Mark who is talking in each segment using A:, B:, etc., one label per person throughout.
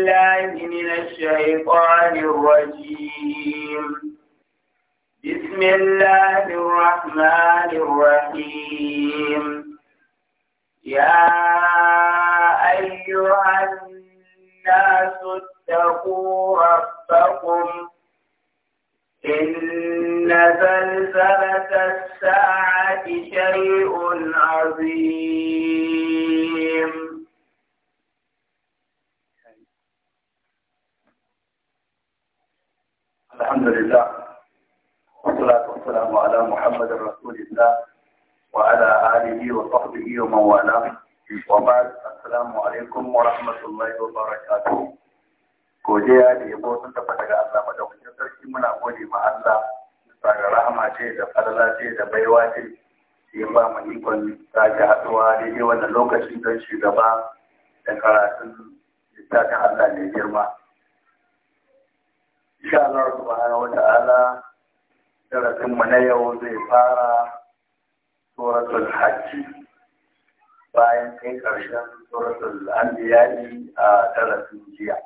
A: بالله من الشيطان الرجيم بسم الله الرحمن الرحيم يا أيها الناس اتقوا ربكم إن زلزلة الساعة شيء عظيم
B: والسلام على محمد رسول الله وعلى آله وصحبه ومن والاه وبعد السلام عليكم ورحمة الله وبركاته godiya da yabo sun tabbata ga Allah madaukakin sarki muna gode ma Allah daga rahama ce da falala ce da baiwa ce ya ba mu ikon sake haɗuwa daidai wannan lokaci don shugaba da karatun littafin Allah mai girma. Insha Allah subhanahu wa ta'ala darasinmu na yau zai fara suratul hajji bayan kai ƙarshen suratul anbiya'i a darasin jiya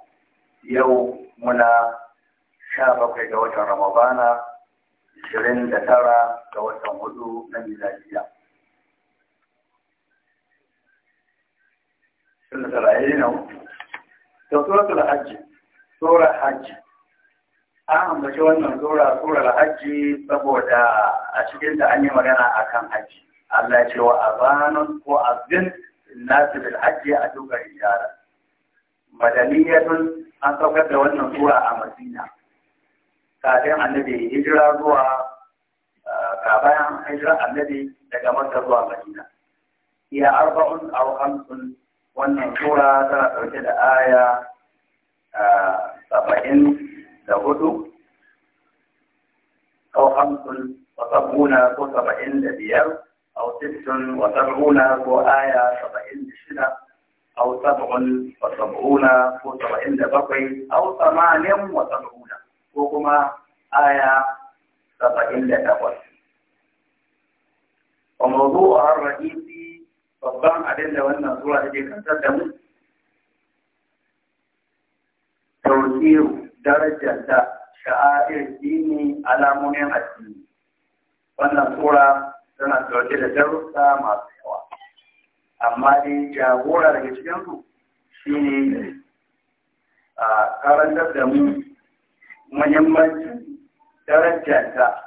B: yau muna sha bakwai ga watan ramadana ashirin da tara ga watan hudu na miladiya na da suratul hajji, sura hajji an ambaci wannan zura surar hajji saboda a cikin da an yi magana a kan hajji Allah ce wa azanun ko azin nasu da hajji a duka rijala madaniyatun an saukar da wannan zura a masina kafin annabi hijira zuwa uh, kafin hijira annabi daga masar zuwa masina Iya arba'un aw hamsun wannan zura tana dauke da aya uh, saba'in da hudu, ko hamsin wata ko saba'in da biyar, au tittun wata buna ko aya saba'in da shida, au saba'un wata ko saba'in da bakwai, au samanin wata ko kuma aya saba'in da takwas. Wa mazu a babban abin da wannan zuwa da ke kantar da mu? Tauziru darajanta sha'a'ir dini alamomin addini wannan tura tana dauke da darussa masu yawa amma dai jagora daga su shine a karantar da mu muhimmancin darajanta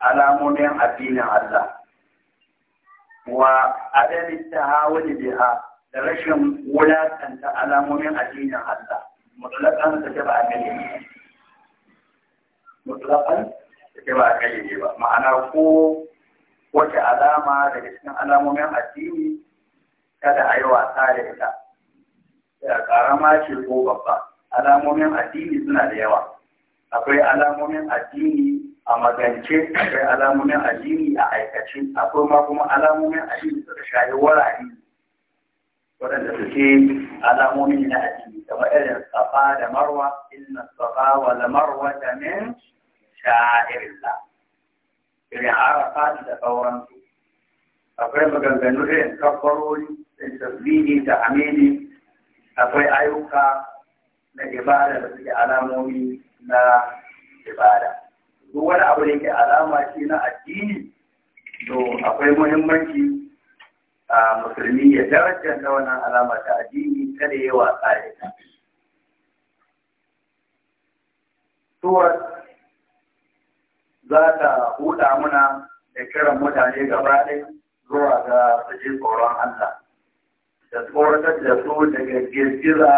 B: alamomin addinin Allah wa adalin hawa da rashin wulakanta alamomin addinin Allah mutlaƙan take ba a kayyade mutlaƙan take ba a kayyade ba ma'ana ko wace alama daga cikin alamomin addini kada a yi wasa da ita da karama ce ko babba alamomin addini suna da yawa akwai alamomin addini a magance akwai alamomin addini a aikace akwai ma kuma alamomin addini suka shayi wurare waɗanda suke alamomin na addini kamar irin safa da marwa inna safa wal marwa ta min sha'irillah irin arafa da sauransu akwai maganganu irin kabbarori da tasbihi da amini akwai ayyuka na ibada da suke alamomi na ibada duk wani abu da yake alama shi na addini to akwai muhimmanci musulmi ya darajar da wannan alama ta addini kada ya wasa da ita. Suwar za ta huda muna da kiran mutane gaba ɗaya zuwa ga sujin tsoron Allah, da tsoratar da su daga girgiza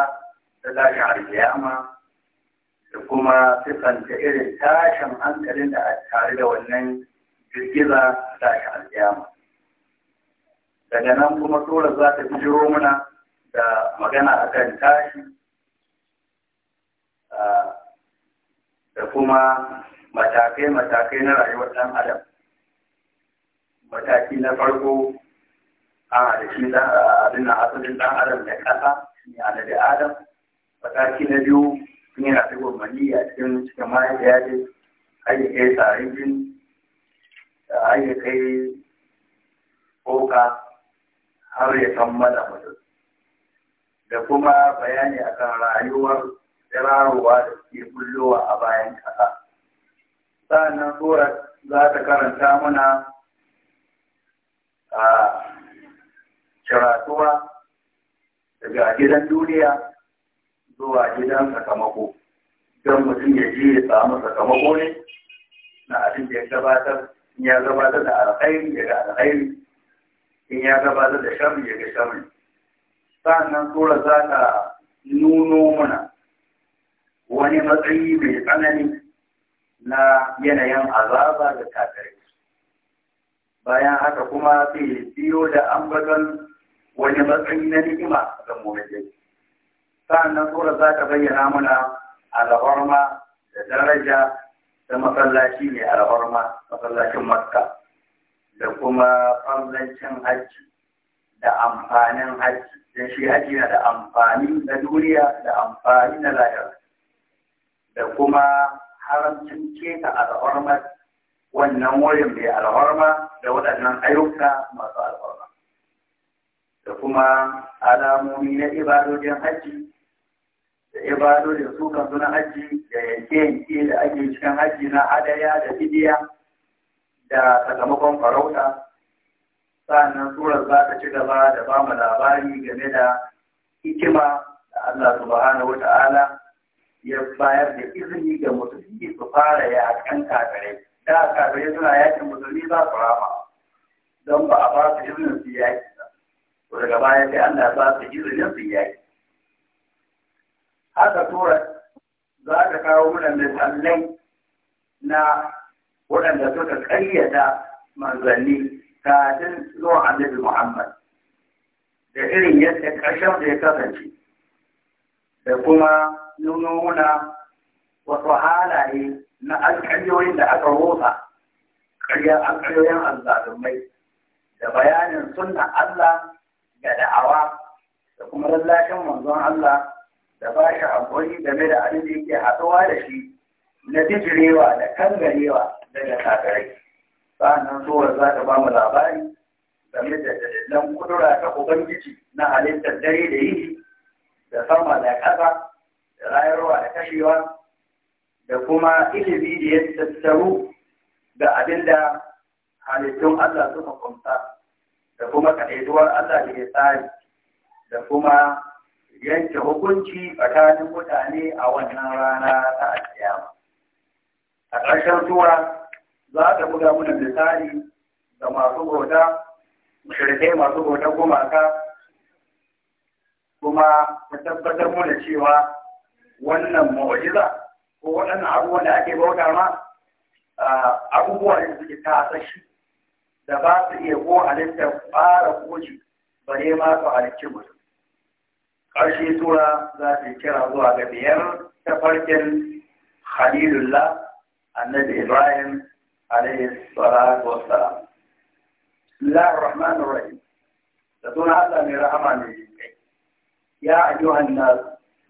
B: da tashin alkiyama da kuma siffanta irin tashin hankalin da a tare da wannan girgiza da tashin alkiyama. daga nan kuma tura za ta bijiro mana da magana a kan tashi da kuma matakai-matakai na rayuwar ɗan adam mataki na farko a da shi abin na asalin ɗan adam da ƙasa ne a da adam mataki na biyu sun yi rafi gwamnati a cikin cikin mahaifiya ne har kai tsarin jini har kai ƙoƙa har ya kammala mutum da kuma bayani akan rayuwar tsirarwa da suke bullowa a bayan ƙasa sa'annan surar za ta karanta muna a ciratuwa daga gidan duniya zuwa gidan sakamako don mutum ya ji ya samu sakamako ne na abin da ya gabatar ya gabatar da alkhairi daga alkhairi in ya gabatar da shamin ya ga shamin nan tura za ta nuno mana wani matsayi mai tsanani na yanayin azaba da kafirai bayan haka kuma sai biyo da ambaton wani matsayi na ni'ima ga mu'minai nan tura za ta bayyana mana alhorma da daraja da masallaci ne alhorma masallacin makka da kuma fallancin hajji da amfanin hajji da shi hajji na da amfani na duniya da amfani na lahira da kuma haramcin keta al'ormar wannan wurin mai al'orma da waɗannan ayyuka masu al'orma da kuma alamomi na ibadodin hajji da ibadodin sukan suna hajji da yanke-yanke da ake cikin hajji na adaya da fidiya da sakamakon farauta sa'annan surar za ta ci gaba da ba mu labari game da hikima da Allah subhanahu wata'ala ya bayar da izini ga musulmi su fara yakan kakare. da kakare suna yakin musulmi za su rama don ba a ba su izinin su yaki ba daga baya sai Allah ba su izinin su yaki haka tura za ta kawo mana misalai na waɗanda suka ƙayyada manzanni kafin zuwa annabi Muhammad da irin yadda ƙarshen da ya kasance da kuma nuna wasu halaye na alƙaryoyin da aka rosa ƙaryar alƙaryoyin azzalumai da bayanin sunna Allah da da'awa da kuma lallashin manzon Allah da ba shi haƙuri game da abin da yake haɗuwa da shi na bijirewa da kangarewa daga kafirai sa'annan suwar za ta ba mu labari game da dalilan kudura ta ubangiji na halittar dare da yi, da sama da ƙasa da rayarwa da kashewa da kuma ilimi da ya tattaru da abin da halittun Allah suka kunsa da kuma kaɗaituwar Allah da ya tsari da kuma yanke hukunci tsakanin mutane a wannan rana ta alƙiyama. A ƙarshen tura za ta buga mana misali da masu bauta shirkai masu bautar gumaka kuma ta tabbatar muna cewa wannan mu'jiza ko waɗannan abubuwan da ake bauta ma abubuwa ne suke tasashi da ba su iya ko halittar fara ba bare ma su halicci mutum ƙarshe tura za ta kira zuwa ga biyar ta farkin khalilullah annabi ibrahim عليه الصلاة والسلام بسم الله الرحمن الرحيم تكون هذا من رحمة يا أيها الناس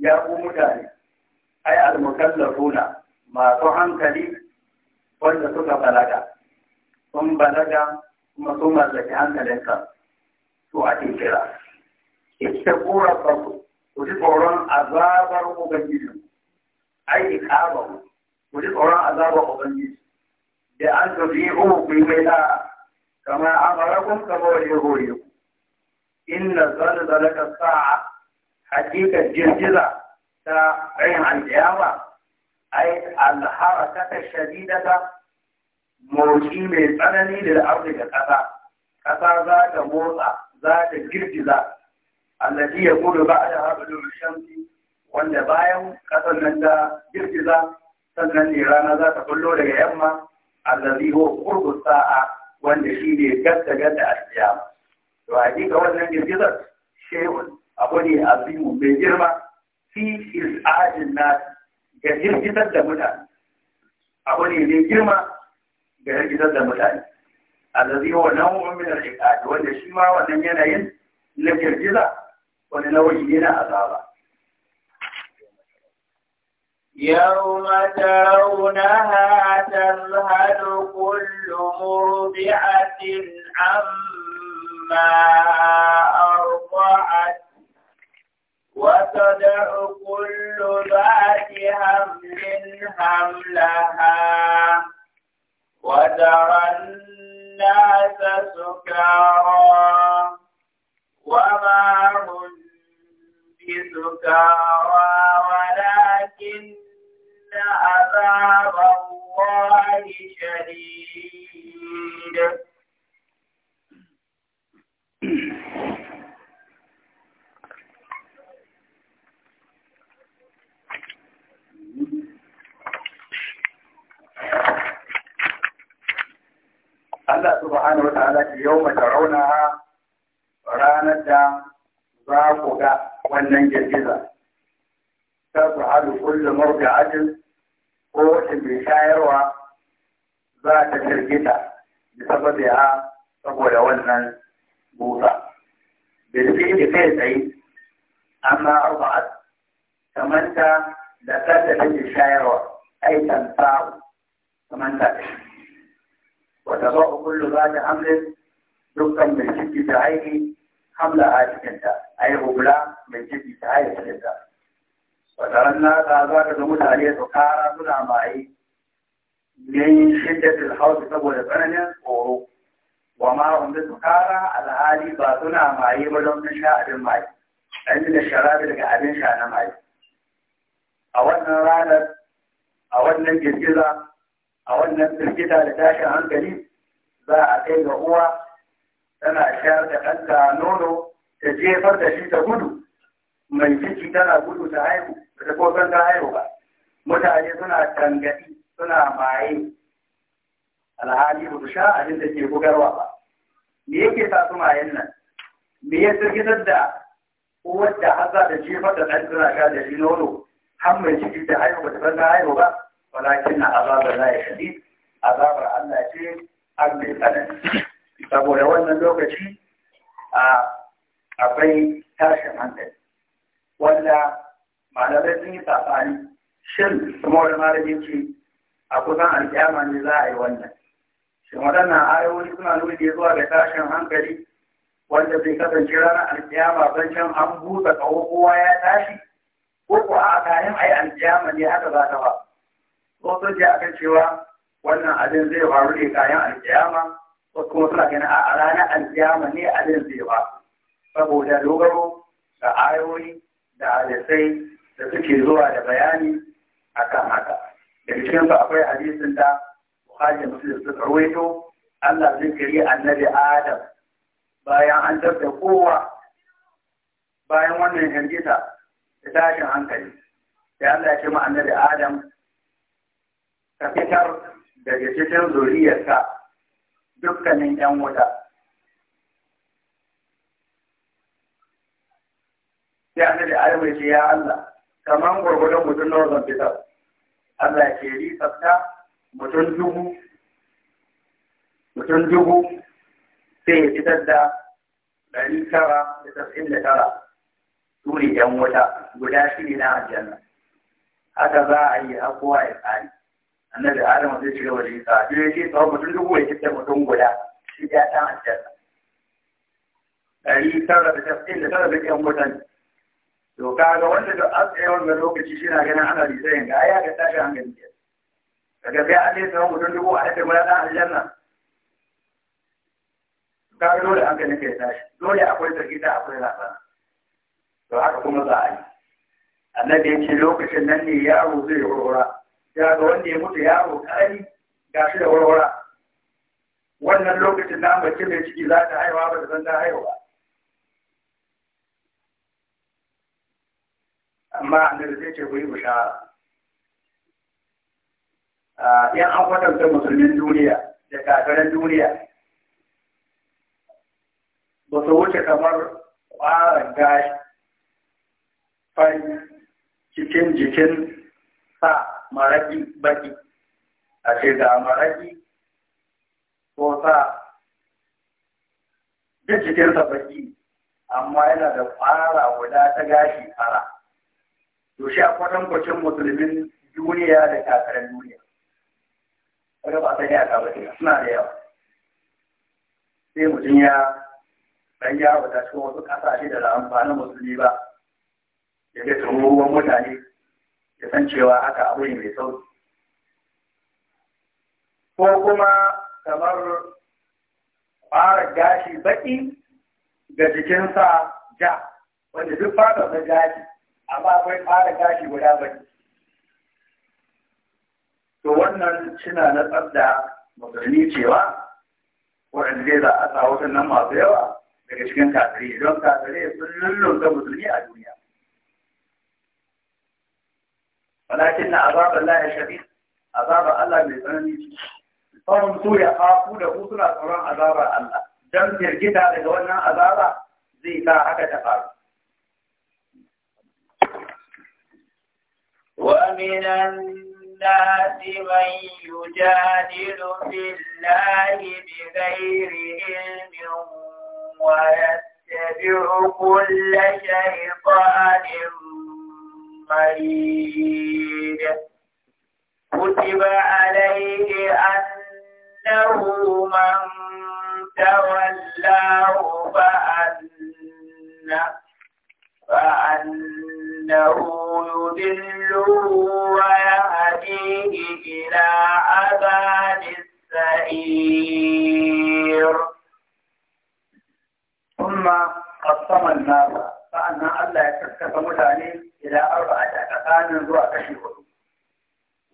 B: يا قوم أي المكلفون ما تحن كلي ولا تك بلغا ثم بلغا ثم ثم لكان لك تؤتي كلا اتقوا ربكم وتقولون عذاب ربكم أي عذاب وتقولون عذاب ربكم da an tafi uku ku yi mai da kama amarakun kama waje hore ku inna zalzalata sa'a hakikar jirgiza ta rayin alƙiyama ai alharakata shadidata motsi mai tsanani da arzi da ƙasa ƙasa za ta motsa za ta girgiza allazi ya gudu ba da haɗu shamsi wanda bayan ƙasar nan ta girgiza sannan ne rana za ta kullo daga yamma allazi huwa qurbu sa'a wanda shi ne gadda gadda alkiyama to a hakika wannan girgizar shehun abu ne azimu mai girma fi is'adin na ga girgizar da mutane abu ne mai girma ga girgizar da mutane allazi huwa nau'un min al-iqad wanda shi ma wannan yanayin na girgiza wani nau'i ne na azaba
A: يوم ترونها تذهل كل مرضعة عما أرضعت وتدع كل ذات حمل حملها وترى الناس سكارى وما هم بسكارى عذاب الله شديد
B: Allah subhanahu wa ta'ala ke yau mace raunaha ranar da za ku ga wannan girgiza. Ta su haɗu kullum mawuka ajin قوة بشاعر وذات شرجتا بسببها فقول وزنا بوضا بالفيد فيزي أما أرضعت كمانتا لكاتة بشاعر أي تنفع كمانتا وتضع كل ذات حمل دكا من شد بعيني حمل عاشقتا أي غبلا من شد بعيني حمل Wataran na ta za ka ga mutane su kara suna maye min shiddatil hausi saboda tsananin tsoro. Wa ma wanda su kara alhali ba suna maye ba don sha abin maye. An da sharabi daga abin sha na maye. A wannan ranar, a wannan girgiza, a wannan firgita da tashin hankali za a kai ga uwa tana shayar da ɗanta nono ta jefar da shi ta gudu mai ciki tana gudu ta haihu da ko san ta haihu ba mutane suna tangadi suna maye alhali ba sha abin da ke bugarwa ba me yake sa su mayen nan me ya sirgitar da uwar da haza da jefar da ɗan suna sha da shi nono har mai ciki ta haihu ba ta san ta haihu ba walakin na azabar la ya shadid azabar Allah ce har mai tsanani saboda wannan lokaci a akwai tashin hankali wanda malamai sun yi safari shin kuma wani malami ce a kusan alƙiyama ne za a yi wannan shi waɗannan ayoyi suna nuni zuwa ga tashin hankali wanda zai kasance ranar alƙiyama don can an buɗe kowa ya tashi ko ko a kayan ayi alƙiyama ne haka za ta ba ko sun ji akan cewa wannan abin zai faru ne kayan alƙiyama ko kuma suna ganin a ranar alƙiyama ne abin zai ba saboda dogaro da ayoyi da hadisai da suke zuwa da bayani kan haka daga cikin su akwai hadisin da Bukhari Muslim suka rawaito Allah zai kare annabi Adam bayan an tabbata kowa bayan wannan hirgita da tashin hankali Da Allah ya ce ma annabi Adam ka fitar daga cikin zuriyarka dukkanin 'yan wuta Adamu ya ce ya Allah kaman gwargwadon mutum na zan fitar Allah ya ce ri tsafta mutum dubu mutum dubu sai ya fitar da ɗari tara da tasirin da tara Turi ‘yan wuta guda shi ne na aljanna haka za a yi a ya tsari annabi adam zai shiga gaba da yi tsari ya ce tsawon mutum dubu ya fitar mutum guda shi ya ta aljanna ɗari tara da tasirin da tara da ‘yan wuta ne to ga wanda da a tsaye wannan lokaci shi na ganin ana rizayin ga ya ga tashi hankali ke daga sai an nesa wani mutum dubu a yadda mura ɗan aljanna kaga dole hankali ka ya tashi dole akwai zargi da akwai rasa to haka kuma za a yi annabi ya ce lokacin nan ne yaro zai warwara ya ga wanda ya mutu yaro ƙarami ga shi da warwara wannan lokacin da an mace mai ciki za ta haihuwa ba da zan ta haihuwa amma da zai ce ku yi bushara ah, yan an kwatanta musulmin duniya da kafiran duniya ba su wuce kamar ƙwarar gashi Fai cikin jikin sa maraƙi baƙi, a ce ga maraƙi ko sa duk jikinsa baƙi. amma yana da ƙwara guda ta gashi fara yaushe a kwacin musulmin duniya da takarar duniya wadda ba sai ta kaba suna da yawa sai mutum ya ɗan ya wata cikin wasu kasashe da da amfanin musulmi ba ya ke tsohuwan mutane ya san cewa haka abu ne mai sauki
A: ko kuma kamar
B: fara gashi baƙi ga jikinsa ja wanda duk fatar ta gashi amma akwai fara gashi guda baki to wannan suna na tsabda musulmi cewa waɗanda zai za a sa waɗannan masu yawa daga cikin kafirai don kafirai sun lullunta musulmi a duniya walakin na azabar lahi shari azabar Allah mai tsanani sauran su ya hafu da ku suna tsoron azabar Allah don firgita daga wannan azaba zai sa haka ta faru
A: ومن الناس من يجادل في الله بغير علم ويتبع كل شيطان مريد كتب عليه أنه من تولاه فأن فأن إنه يذله ويهديه إلى عذاب السعير
B: ثم قسم النار فأن الله يتكف متعليم إلى أربعة أقسام ذو أكشفه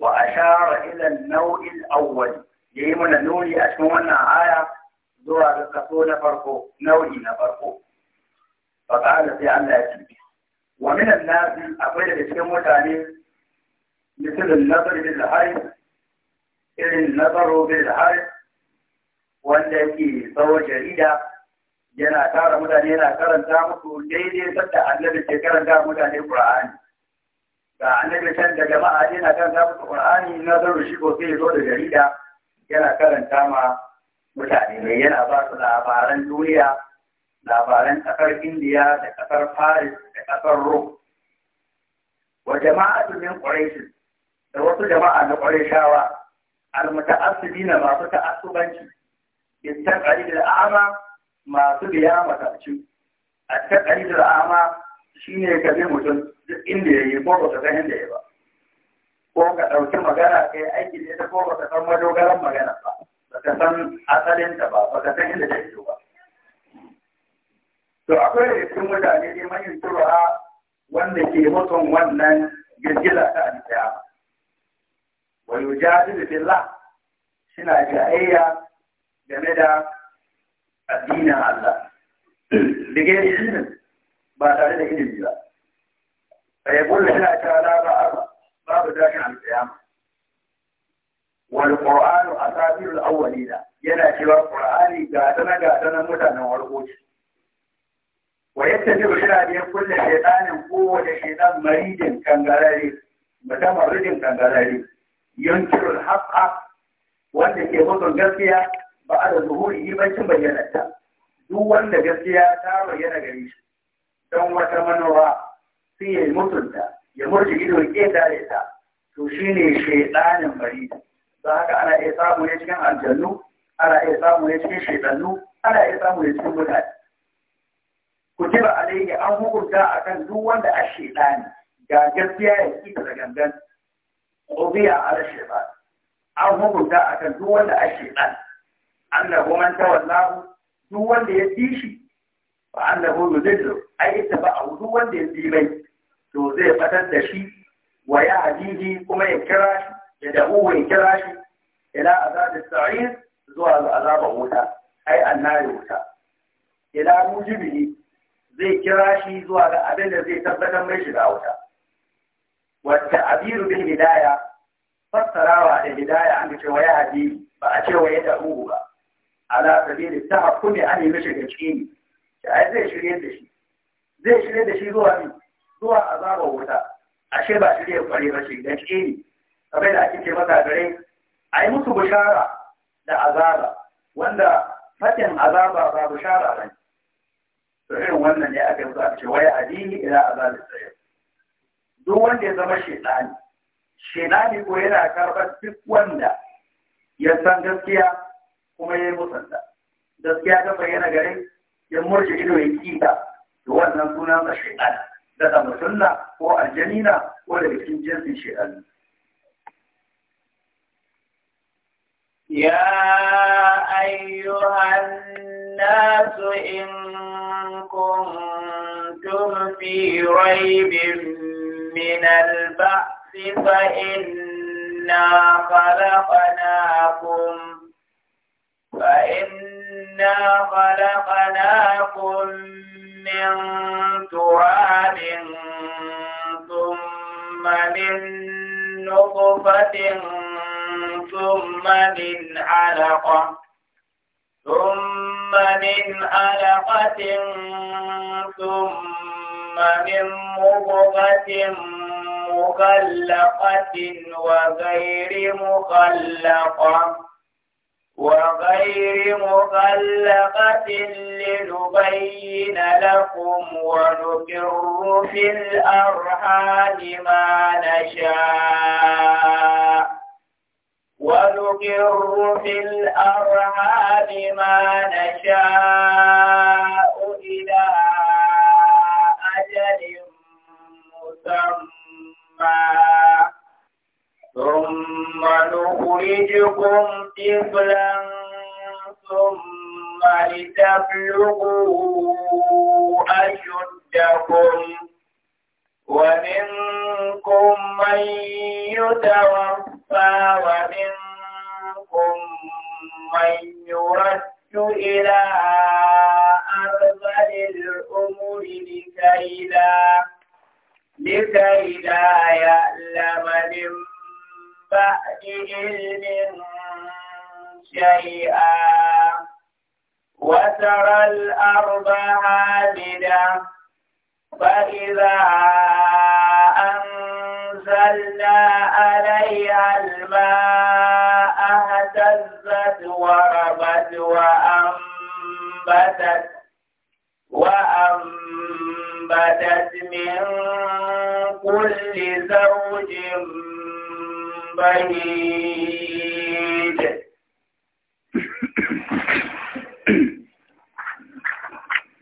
B: وأشار إلى النوع الأول يهمنا نولي أشمونا آية ذو أكشفه نفرقه نوعي نفرقه فقال في الله يكفف wa minan nasi akwai daga cikin mutane misalin nazar bil harif irin nazaro bil harif wanda yake tsawon jarida yana tara mutane yana karanta musu daidai sadda annabi ke karanta mutane qur'ani ga annabi can da jama'a yana karanta musu qur'ani nazaru shi ko sai zo da jarida yana karanta ma mutane ne yana ba su labaran duniya labaran ƙasar indiya da ƙasar paris da ƙasar rome wa jama'a min quraish da wasu jama'a na qurayshawa almuta'assibina masu ta'assubanci istaqali da ama masu biya matacci attaqali da ama shine ka bi mutum duk inda yayi ko ba ka san inda yayi ba ko ka dauki magana kai aiki da ko ba ka san madogaran magana ba ba ka san asalin ta ba ba ka san inda ta fito ba to akwai da cikin mutane ne manyan turawa wanda ke mutum wannan girgiza ta alƙiyama wa da billah suna jayayya game da addinin Allah dige shirin ba tare da ilimi ba sai kullu laba tara ba babu dakin wani wal a asatirul awwalina yana cewa qur'ani ga tana ga tana mutanen warkoci wa yadda zai shira ne kulle shaitanin kowane shaitan maridin kangarare mutamarridin kangarare yankirul haqqa wanda ke mutum gaskiya ba a da zuhuri ibancin bayyanarta duk wanda gaskiya ta bayyana gare shi don wata manowa sai ya mutunta ya murji ido ke dare ta to shine shaidanin bari don haka ana iya samu ne cikin aljannu ana iya samu ne cikin shaidannu ana iya samu ne cikin mutane kutiba alaihi an hukunta akan duk wanda a shaitani ga gaskiya ya ki da gangan ubiya ala shaitan an hukunta akan duk wanda a shaitan annahu man tawallahu duk wanda ya bi shi fa annahu yudillu ai a duk wanda ya bi mai to zai fatar da shi wa ya hadihi kuma ya kira shi ya da'u ya kira shi ila azabis sa'ir zuwa azabar wuta ai annabi wuta ila mujibihi zai kira shi zuwa ga abin da zai tabbatar mai shiga wuta wata abiru bin hidaya fassarawa da hidaya an cewa ya haɗi ba a ce ya taɓu ba ala sabili ta ne an yi mishi da cini shi ai zai shirye da shi zai shirye da shi zuwa ni zuwa azabar wuta ashe ba shirye kware ba shi da cini kamar da ake ce masa gare ai musu bishara da azaba wanda fatin azaba ba bishara ba ne to irin wannan ne aka yi a ce wai adini ila azabi sayyid duk wanda ya zama shedani shedani ko yana karɓar duk wanda ya san gaskiya kuma ya yi musanta gaskiya ta bayyana gare ya murje ido ya kita to wannan sunan sa shedani da da mutunna ko aljanina ko da cikin jinsin shedani
A: يا أيها الناس الناس إن كنتم في ريب من البعث فإنا خلقناكم فإنا خلقناكم من تراب ثم من نطفة ثم من علقة ثم من علقة ثم من مضغة مخلقة وغير مخلقة وغير مخلقة لنبين لكم ونقر في الأرحام ما نشاء ونقر في الأرحام ما نشاء إلى أجل مسمى ثم نخرجكم طفلا ثم لتبلغوا أشدكم ومنكم من يتوفى ومنكم من يرد إلى أرض الأمور لكي لا لكي لا يألم من بعد علم شيئا وترى الأرض هامدة فإذا أن أنزلنا عليها الماء اهتزت وربت وأنبتت وأنبتت من كل زوج بعيد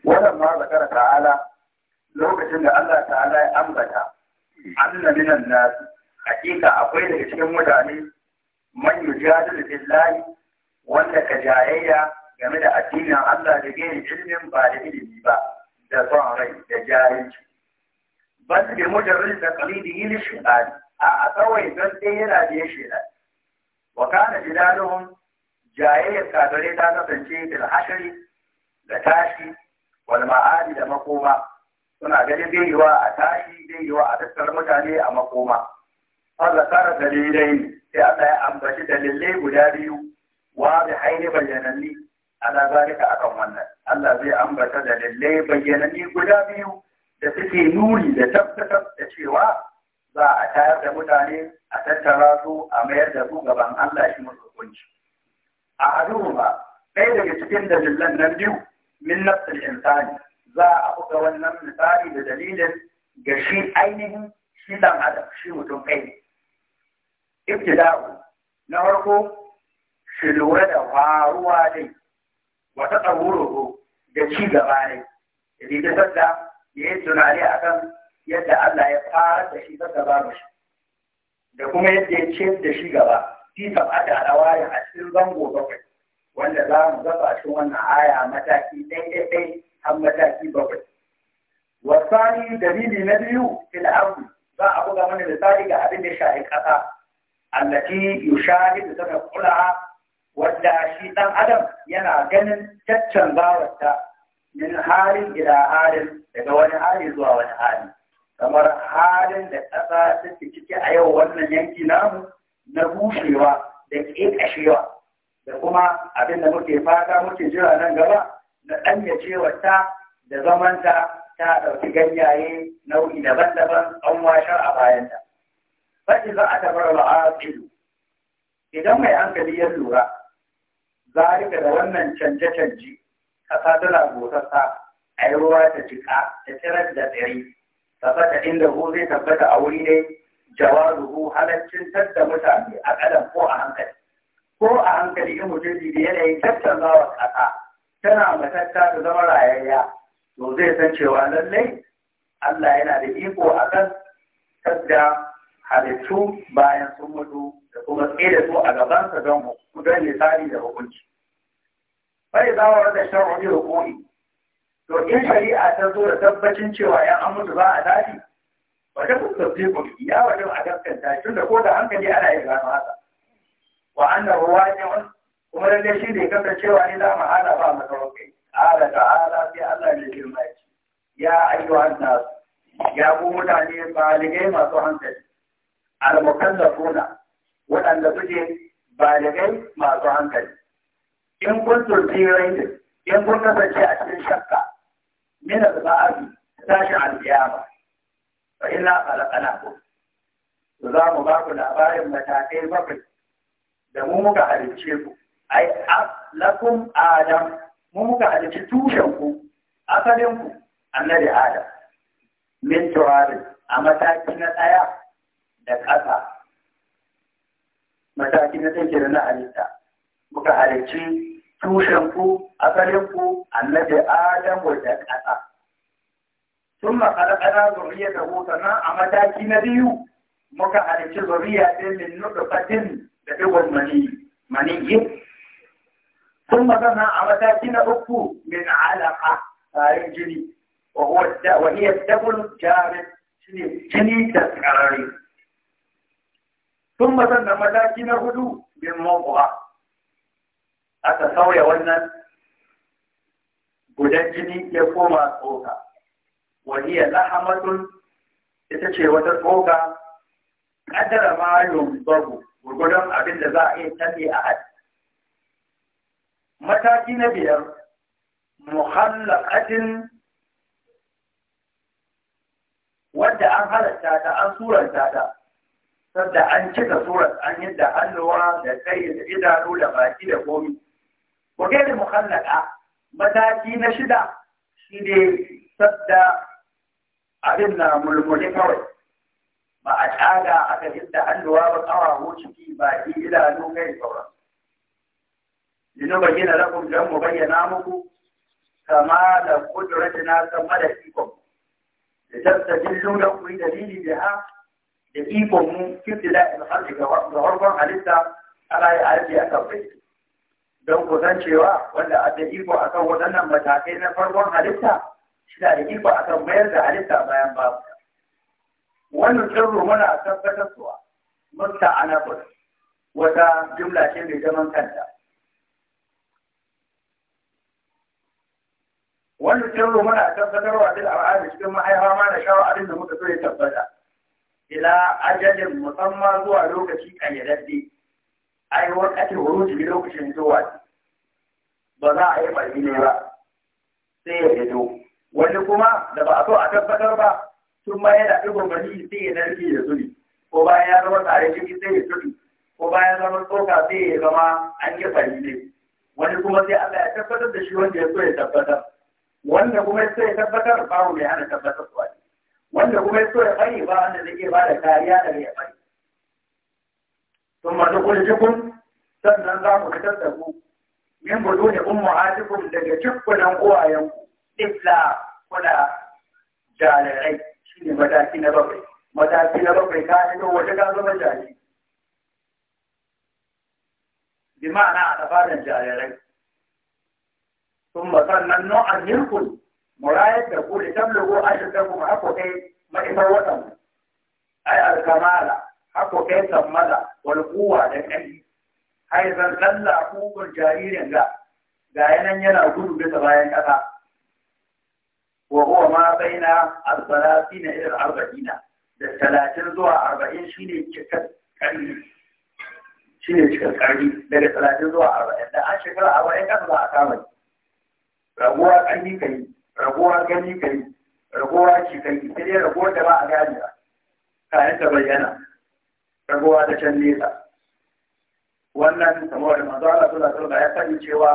B: ولما ذكر تعالى lokacin da Allah ta'ala ya ambata anna minan nas hakika akwai daga cikin mutane man yujadilu billahi wanda ka jayayya game da addinin Allah da gani ilmin ba da ilimi ba da son rai da jahilci bas bi mujarrid da qalidi lil shaytan a kawai don dai yana da shaytan wa kana jidaluhum jayayya kadare ta kasance bil hashri da tashi wal ma'adi da makoma suna ganin zai yiwa a tashi zai yiwa a tattara mutane a makoma Allah kara dalilai sai Allah ya ambaci dalilai guda biyu wa bi haini bayyananni ala zalika akan wannan Allah zai ambata dalilai bayyananni guda biyu da suke nuni da tabbatar da cewa za a tayar da mutane a tattara su a mayar da su gaban Allah shi mutu hukunci a ba, ɗaya daga cikin dalilan nan biyu min nafsul insani za a buga wannan misali da dalilin ga shi ainihin shi dan adam shi mutum kai ne ibtida'u na farko shi lura da faruwa dai wata tsaro da ci gaba ne da ita sadda ya yi tunani a kan yadda Allah ya fara da shi sadda babu shi da kuma yadda ya ce da shi gaba fi sab'ati alawarin a cikin zango bakwai wanda za mu gaba shi wannan aya mataki ɗaiɗaiɗai har mataki bakwai. Wasani dalili na biyu fil abu za a buga mana da misali ga abin da ya shahi ƙasa allati da sana kula wanda shi ɗan adam yana ganin bawarta min halin ila halin daga wani hali zuwa wani hali kamar halin da ƙasa take ciki a yau wannan yanki namu na bushewa da kashewa. da kuma abin da muke fata muke jira nan gaba na cewa ta da zamanta ta ɗauki ganyaye nau'i daban-daban an washar a bayanta. Faɗi za a tabar la'asilu. Idan mai hankali ya lura, zalika da wannan canje-canje, ƙasa tana gosassa, a yi ruwa ta jika, ta tirar da tsiri, tabbata inda ko zai tabbata a wuri ne, jawazuhu halaccin da mutane a ƙadan ko a hankali. ko a hankali in mutum da yanayin tattaunawa ƙasa tana matatta ta zama rayayya to zai san cewa lallai Allah yana da iko a kan tadda halittu bayan sun mutu da kuma tsere su a gabansa don don misali da hukunci. Bai za da shan wani hukumi. To in shari'a ta zo da tabbacin cewa ‘yan an mutu ba a dadi, wata fuskar zai ya wajen a gaskanta tun da ko da hankali ana yin gano haka. wa annahu waqi'un kuma lalle shi bai kasancewa ne la ma'ala ba matawakkil ala ta'ala sai Allah ne girma ya ayyuhan nas ya ku mutane baligai masu hankali al-mukallafuna waɗanda suke baligai masu hankali in kun turbi rainin in kun kasance a cikin shakka min al-ba'abi tashin al-qiyama fa inna khalaqnakum za mu ba ku labarin matakai bakwai da mu muka halicce ku ai lakum adam mu muka halicce tushen ku asalin ku annabi adam min turabin a mataki na ɗaya da ƙasa mataki na take da na halitta muka halicce tushen ku asalin ku annabi adam da ƙasa sun makalakana zuriya da hotuna a mataki na biyu muka halicci zuriya ɗin min nuɗufatin da ɗigon mani maniyi ثم بما أمتاكين أكو من علقة آية جني وهو الد... وهي الدبل الجارد جني تسكرري ثم سنة متاكين هدو من موضوع أتصوي ونن gudan جني ya koma وهي لحمة تتشي ita ce ما tsoka ƙaddara gurgudan abin da za a iya talle a haɗi. Mataki na biyar, muhallakatin wadda an halatta ta an suranta ta, sadda an cika surat an yi da hannuwa da kai da idanu da baki da komi. Kuke da muhallaka, mataki na shida shi ne sadda abin na mulmuli kawai. ba a tsaga aka hinta hannuwa ba ƙawawo ciki baki idanu kai sauran linu bayyana lakum dan mu bayyana muku kama da kudratina sama da ikon da tattajin da ku yi dalili da ha da ikon mu fitila in harbi ga harkon halitta ala ya a kan don ku san cewa wanda a da iko kan waɗannan matakai na farkon halitta shi da iko akan mayar da halitta bayan babu wannan sirru muna tabbatar suwa mutta anabur wata jumla ce mai zaman kanta wannan sirru muna tabbatarwa duk al'adar cikin mahaifa ma da shawo abin da muka so ya tabbata ila ajalin musamman zuwa lokaci kayyadadde ake wuru wuruji lokacin zuwa ba za a yi barbi ne ba sai ya fito wani kuma da ba a so a tabbatar ba tun ma yana ɗigon mani sai ya narke ya zuri ko bayan ya zama tare ciki sai ya zuri ko bayan zama tsoka sai ya zama an yi fari ne wani kuma sai Allah ya tabbatar da shi wanda ya so ya tabbatar wanda kuma ya so ya tabbatar ba babu mai hana tabbatar su wanda kuma ya so ya fari ba wanda zai iya da kariya daga ya fari sun ma duk jikun sannan za mu fitar da ku min budu ne ummu hatikum daga cikkunan uwayenku ɗifla kuna jarirai shi ne mataki na bakwai mataki na bakwai ka yi hito waje ka zama jari bi ma'ana a tafarin jarirai sun sannan nau'an yirkul murayar da ku da tablago a shirka kuma hako kai ma'isar watan ai alkamala hako kai sammala walƙuwa da ƙarfi ai zan tsalla kukun jaririn ga ga yanan yana gudu bisa bayan ƙasa وهو ما بين الثلاثين إلى الأربعين الثلاثين زوى أربعين شيني شكل كريم شيني شكل كريم بين الثلاثين زوى أربعين لا أشكل أربعين كم لا أكمل ربوع قلبي كي ربوع قلبي كي شي شكي سيدي ربوع تبع أجانبا كانت بيانا ربوع تشنيلا wannan samuwar manzo Allah sallallahu alaihi wasallam ya sani cewa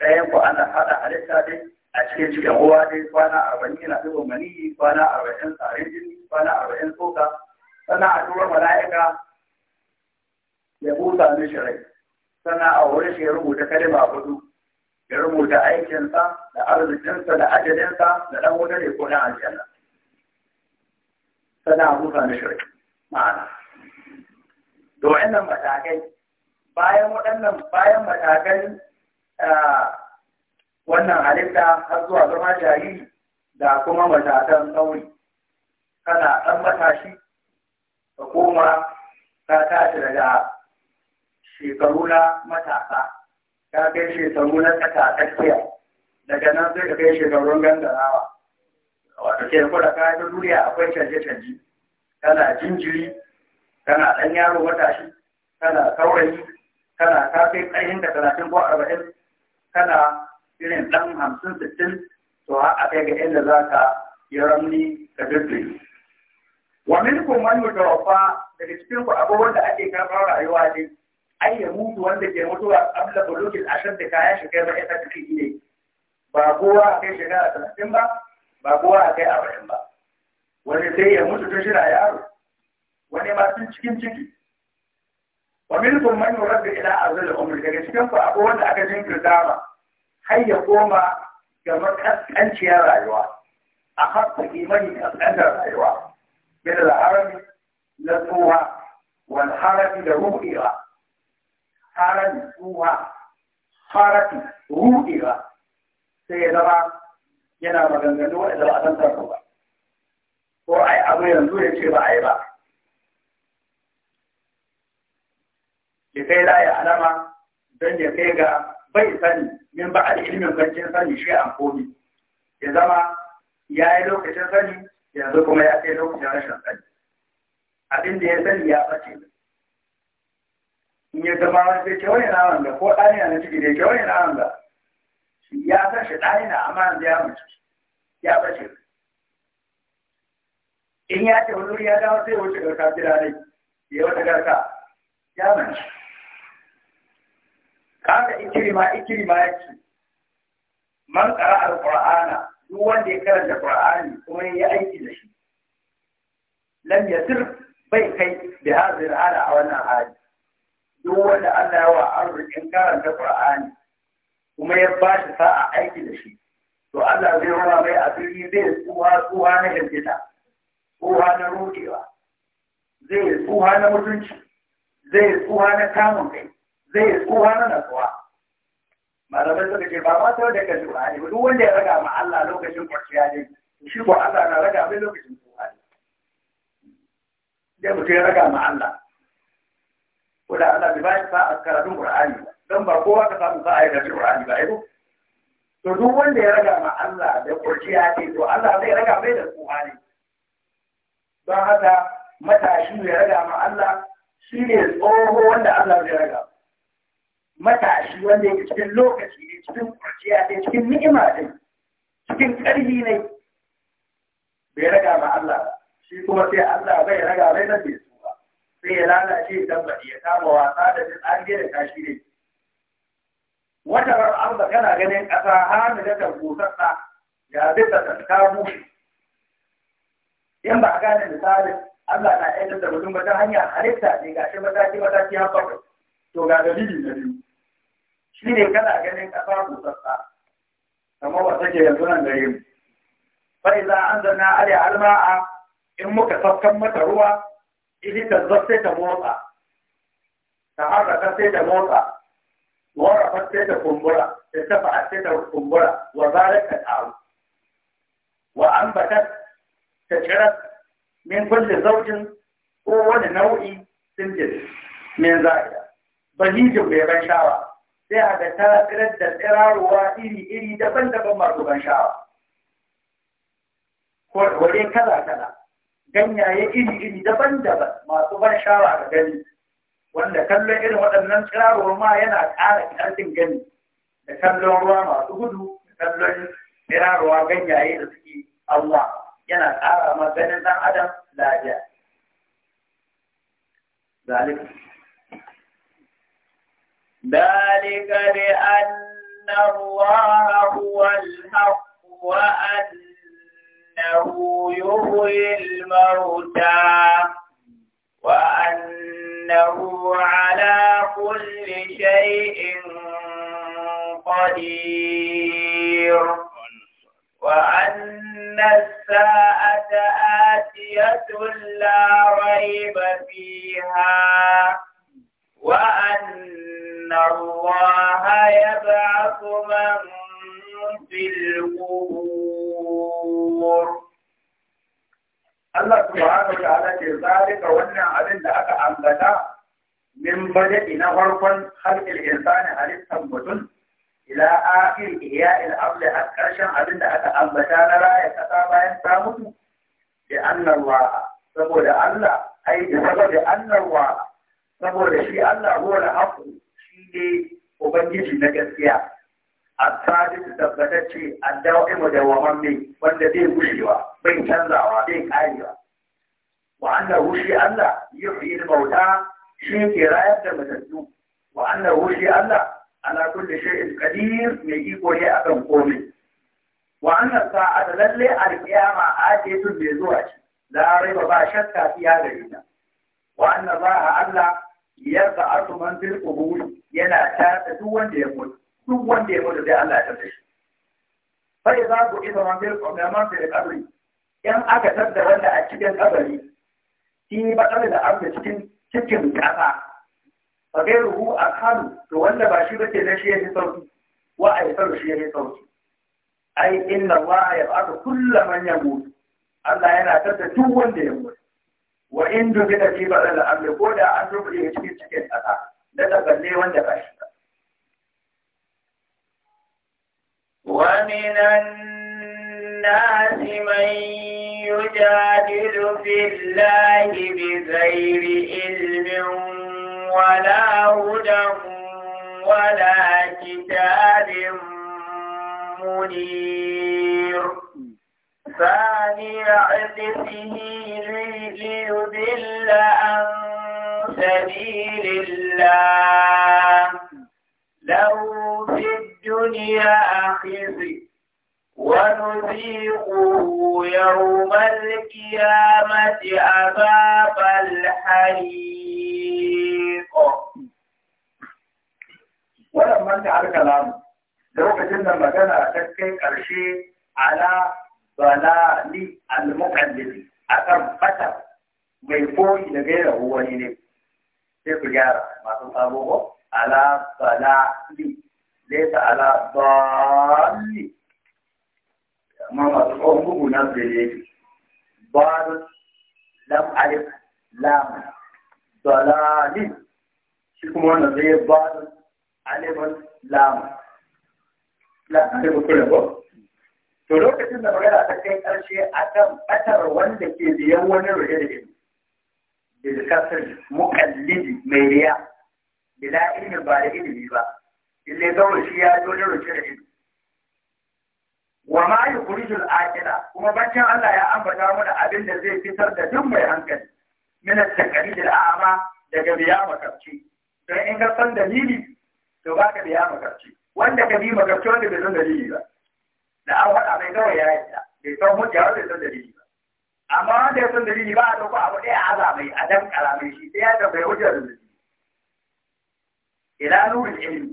B: ɗayan ku ana hada halitta dai a cikin cikin uwa dai kwana arba'in yana zuba mani kwana arba'in tsarin jini kwana arba'in tsoka sannan a tura mala'ika ya busa mishi rai sannan a wuri shi ya rubuta kalima hudu ya rubuta aikinsa da arzikinsa da ajalinsa da ɗan wuta ne ko na aljanna sannan a busa mishi rai ma'ana da waɗannan matakai bayan waɗannan bayan matakai ah, wannan halitta har zuwa zama jariri da kuma matatan tsauri kana ɗan matashi ka koma ka tashi daga shekaru na matasa ka kai shekaru na tsakiya. daga nan sai ka kai shekarun gangarawa wato ke kula ka yi duniya akwai canje-canje kana jinjiri kana ɗan yaro matashi kana saurayi kana ka kai tsayin da talatin ko arba'in kana irin ɗan hamsin sittin to har a kai ga inda za ka yi ramni ka dutse. Wa min kun wani mutawafa daga cikin ku abubuwan da ake karɓar rayuwa ne ai ya mutu wanda ke mutuwa abla a shan da kaya shiga kai ba ita take ne ba kowa a kai a talatin ba ba kowa a kai arba'in ba wani sai ya mutu ta shira yaro wani ma tun cikin ciki wa min kun man yuraddu ila daga cikin ku abubuwan da aka jinkirta ba har ya koma ga makaskanciyar rayuwa a haka imani kaskantar rayuwa min al-harami na tsuwa wal harami da ru'ira harami tsuwa harami ru'ira sai ya zama yana maganganu wanda ba a san tarko ba ko ai abu yanzu ya ce ba ai ba ya kai da ya alama don ya kai ga bai sani min ba da ilimin bancin sani shi an komi ya zama ya yi lokacin sani yanzu kuma ya kai lokacin rashin sani abin da ya sani ya ɓace in ya zama wani sai ce wani na wanda ko ɗani na ciki ne ce wani na wanda ya san shi ɗani na amma yanzu ya mace ya ɓace in ya ce wani ya dawo sai wuce garka jira ne ya wata garka ya mace kaga ikirima ikirima yake man qara alqur'ana duk wanda ya karanta qur'ani kuma ya aiki da shi lam yasir bai kai da hadhihi alhala a wannan hali duk wanda Allah ya wa arzikin karanta qur'ani kuma ya ba shi sa'a aiki da shi to Allah zai rama mai asiri zai tsuha tsuwa na gaskita tsuwa na rudewa zai tsuwa na mutunci zai tsuwa na kamun kai zai yi tsuwa na nasuwa. malamai suka ce ba ma sai da kashi ba ne duk wanda ya raga ma Allah lokacin kwanciya ne shi ko Allah na raga mai lokacin tsuwa ne dai mutum ya raga ma Allah ko da Allah bai ba shi sa'a karatun Qur'ani ba Don ba kowa ka samu sa'a karatun Qur'ani ba ai to duk wanda ya raga ma Allah da kurciya ne, to Allah zai raga mai da tsuwa ne don haka matashi ya raga ma Allah shi ne tsoho wanda Allah zai raga matashi wanda ya cikin lokaci ne cikin kurciya ne cikin ni'ima ne cikin ƙarfi ne bai raga ma Allah shi kuma sai Allah bai raga bai na bai su ba sai ya lalace idan ba ya kama wasa da an gina kashi ne wata arba kana ganin ƙasa hamila da busassa ya bisa ta bushe. in ba a gane misalin Allah na aikata mutum ba ta hanya halitta ne ga shi mataki mataki har bakwai to ga dalili na biyu shi ne kana ganin ƙasa sassa kamar ba take yanzu nan gare mu sai za an zanna alai alma'a in muka safkan mata ruwa idan ta zafe ta motsa ta ta sai ta motsa warafar sai ta kumbura ta fa sai ta kumbura wa zalika ta'aru wa ambatat ta jira min kulli zawjin ko wani nau'i sun min zaida bahijin bai ban sha'awa sai a ga ta tsirar da tsirarwa iri-iri daban-daban masu ban sha'awa. Wadai kala-kala, ganyaye iri-iri daban-daban masu ban sha'awa ga gani, wanda kallon irin waɗannan tsirarwar ma yana ƙara ƙarfin gani, da kallon ruwa masu gudu, da kallon tsirarwa ganyaye da suke Allah yana ƙara ma ganin ɗan adam lafiya. Zalik.
A: ذلك بأن الله هو الحق وأنه يحيي الموتى وأنه على كل شيء قدير وأن الساعة آتية لا ريب فيها وأن الله يبعث من في القبور Allah
B: subhanahu wa ta'ala ce zalika wannan abin da aka ambata min bada'i ina farkon halƙin insani halittar mutum ila akhir iya al-abd har karshen abin da aka ambata na raya kasa bayan ta mutu da annallaha saboda Allah ai saboda annallaha saboda shi Allah huwa al-haqu shi ne ubangiji na gaskiya as-sadiq tabbatacce ad da dawaman ne wanda zai gushewa bai canzawa bai karewa wa annahu shi Allah yuhyi al-mauta shi ke rayar da matattu wa annahu shi Allah ala kulli shay'in qadir mai iko ne akan komai wa anna sa'ata lalle al-qiyama tun bai zuwa ci da raiba ba shakka fiya da ta wa a Allah yadda aka man fil quburi yana tata duk wanda ya mutu duk wanda ya mutu zai Allah ya tada Sai za idza bu'itha man fil quburi man fil kabari yan aka tada wanda a cikin kabari shi bakar da abda cikin cikin kasa fa a akhalu to wanda ba shi bace na shi ya sauki wa aisar shi ya sauki ai inna ba ka kulla man mutu Allah yana tada duk wanda ya mutu wa in dubi da fi baɗa da amri ko da an rubuce cikin cikin ƙasa da wanda ba shi ba. ومن
A: الناس من يجادل في الله بغير علم ولا هدى ولا كتاب منير ثاني عطفه ليذل عن سبيل الله له في الدنيا خزي ونذيقه يوم القيامة عذاب الحريق
B: ولما انت على كلام لو
A: كنت مجانا تكي
B: قرشي على balali al a akan fata mai koyi da gaira wani ne sai masu sabo ko ala balali laysa ala balali amma masu tsohon bugu na da yake bal lam alif balali shi kuma wannan zai to lokacin da magana ta kai ƙarshe kan ɓatar wanda ke biyan wani roye da ilimi bil kasri muqallidi mai riya bila ilimi ba da ilimi ba ille gawo shi ya zo ne roye da ilimi wa ma yi yukhrijul aqila kuma baccin Allah ya ambata mana abin da zai fitar da duk mai hankali Minas at-taqlid da ama daga biya makarci don in ga san dalili to ka biya makarci wanda ka bi makarci wanda bai san dalili ba da an faɗa mai kawai ya yadda bai san hujja bai san dalili ba amma wanda ya san dalili ba a dauko abu ɗaya a aza mai a dan kalamai shi sai ya tambayi hujja da dalili ila nurul ilmi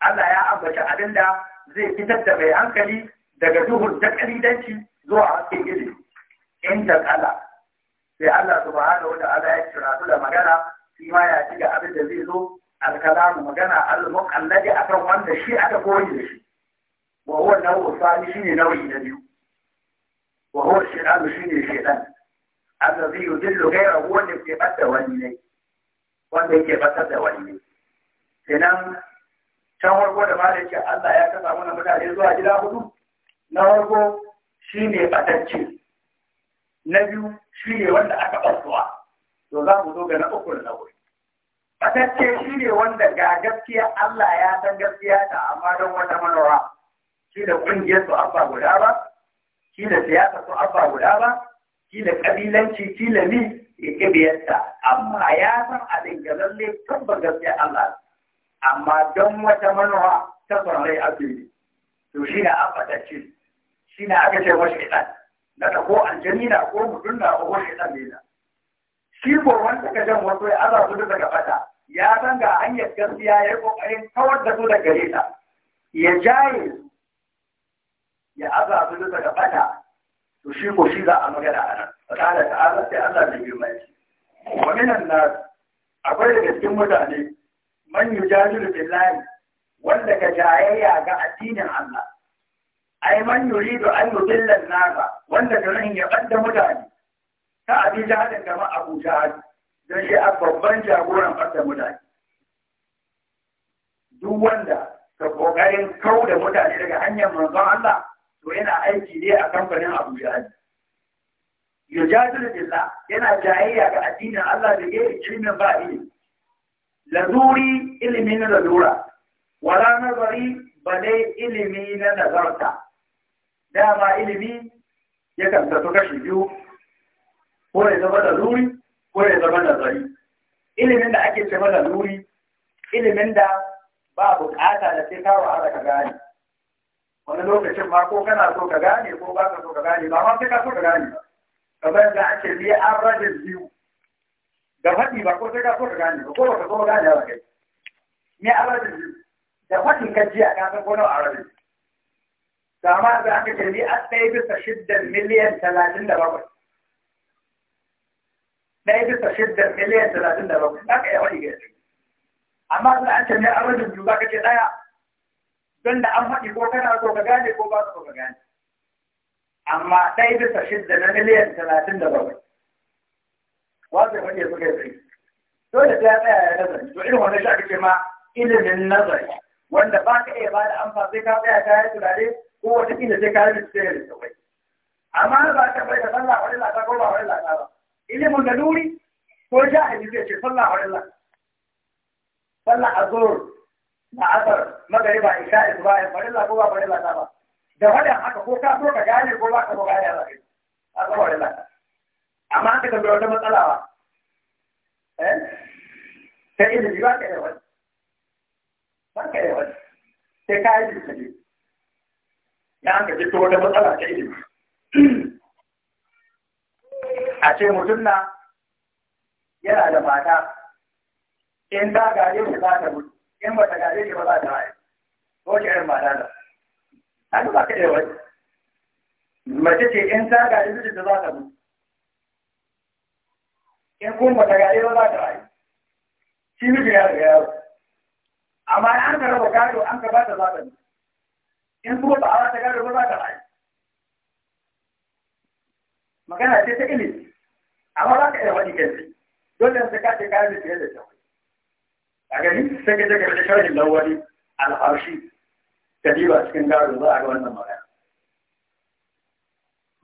B: Allah ya ambaci abin da zai fitar da mai hankali daga duhun da kalidanci zuwa hasken ilimi in da kala sai Allah subhanahu wa ta'ala ya kira su da magana shi ma ya ci ga abin da zai zo alkalamu magana al a akan wanda shi aka koyi da shi وهو النوع الثاني sani shine nau'i وهو biyu wa الشيطان الذي يدل غيره هو yudillu ghayrahu wanda ke bada wani ne wanda yake batar da wani ne يكتب عمونا da ma ce Allah ya kasa mana mutane zuwa gida wanda aka to za mu zo ga uku da na shi ne wanda ga gaskiya Allah ya san gaskiya ta amma don wata manora kila kungiyar su abba guda ba kila siyasa su abba guda ba kila shi kila ni ya kibiyarta amma ya san abin da lalle tabbar gaskiya Allah amma don wata manuwa ta farrai asiri to shi na abatacci shi na aka ce wa shaitan na ta ko aljani na ko mutum na ko shaitan ne na shi ko wanda ka jan wasu ya aza su daga fata ya san ga hanyar gaskiya ya yi ƙoƙarin kawar da su daga gare ta ya jaye ya aza su duka da bata to shi ko shi za a magana a nan ta ta'ala sai Allah bai girma shi wa minan nas akwai daga cikin mutane man yujadilu billahi wanda ka jayayya ga addinin Allah ai man yuridu an yudilla an-nasa wanda da rahin ya banda mutane ta abi jahadin da Abu Jahal dan shi a babban jagoran fadda mutane duk wanda ka kokarin kauda mutane daga hanyar manzon Allah to yana aiki ne a kamfanin Abu Jahal da billah yana jayayya ga addinin Allah da yi ilmin ba ilimi lazuri ilimi na lalura wala nazari dai ilimi na nazarta dama ilimi ya tafi kashi biyu ko ya zama laluri ko ya zama nazari ilimin da ake cewa laluri ilimin da ba bukata da sai kawo ara ka gani wani lokacin ma ko kana so ka gane ko ba ka so ka gane ba ma sai ka so ka gane ba kamar da ake biya an rajin biyu da faɗi ba ko sai ka so ka gane ba ko ba ka so ka gane ba kai ne an rajin biyu da faɗin ka jiya ka san ko nawa an rajin da ma da aka ce ni a ɗaya bisa shiddan miliyan talatin da bakwai ɗaya bisa shiddan miliyan talatin da bakwai za ka iya faɗi gaske amma da an ce ne a rajin biyu za ka ce ɗaya don da an faɗi ko kana so ka gane ko ba so ka gane amma ɗaya bisa shidda na miliyan talatin da bakwai wasu faɗi suka yi tsaye dole ta tsaya ya nazari to irin wannan shi aka ce ma ilimin nazari wanda ba ka iya ba da amfa sai ka tsaya ka yi tunani ko wata kila sai ka yi tunani da kai amma ba ka bai da sallah wani lata ko ba wani lata ba ilimin da nuri ko jahili zai ce sallah wani lata sallah azur la'asar magariba isha'i bayan farilla ko ba farilla ta ba da wadan haka ko ka so ka gane ko ba ka so gane ba a ga farilla amma an ka tambaye wata matsala ba eh sai ilimi ba ka yi wani ba ka yi wani sai ka yi ilimi ya an ka fito wata matsala ta ilimi a ce mutum na yana da mata in ta gare shi za ta mutu ما تجاريك ولا جاي وجه المدار هذا ما كده وجه ما تجي إنسان قاعد يجي تزاتم إن كون ما تجاري ولا جاي شنو جاي جاي أما أنا كده بقاعد وأنا كده بتزاتم إن كون تعالى تجاري ولا جاي ما كان هذا تكلم أما لا كده وجه كذي دول إنسان كده كذي كذي أجل سجد لك الخشاج الأولي على العرشي تجيب أسكندار الله أقوال من مرحب